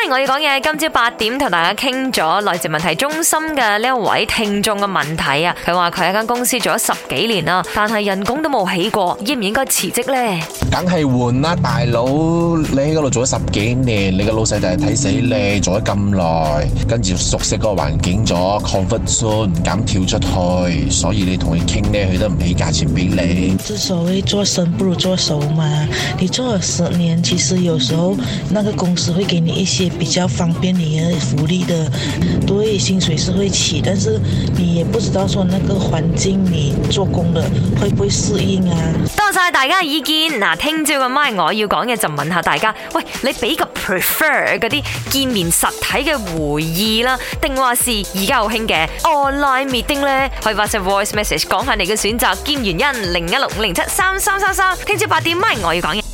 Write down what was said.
今日我要講嘢，今朝八點同大家傾咗嚟自問題中心嘅呢一位聽眾嘅問題啊，佢話佢喺間公司做咗十幾年啦，但係人工都冇起過，應唔應該辭職呢？梗係換啦，大佬，你喺嗰度做咗十幾年，你個老細就係睇死你做咗咁耐，跟住熟悉個環境咗 comfort zone 唔敢跳出去，所以你同佢傾呢，佢都唔起價錢俾你。之所謂做生不如做熟嘛，你做咗十年，其實有時候那個公司會給你一些。比較方便，你福利的對，薪水是會起，但是你也不知道說那個環境你做工的會不會適應啊。多謝大家嘅意見，嗱，聽朝個麥我要講嘅就問下大家，喂，你俾個 prefer 嗰啲見面實體嘅會議啦，定話是而家好興嘅 online meeting 咧？可以發隻 voice message 講下你嘅選擇兼原因，零一六五零七三三三三，聽朝八點麥我要講嘢。